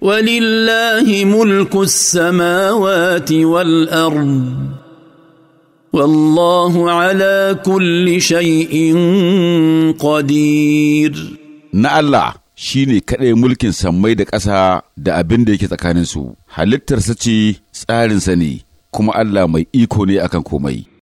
ولله ملك السماوات والارض والله على كل شيء قدير na Allah shi ne kaɗai mulkin sammai da ƙasa da abin da yake tsakanin tsakaninsu halittarsa ce tsarinsa ne kuma Allah mai iko ne akan komai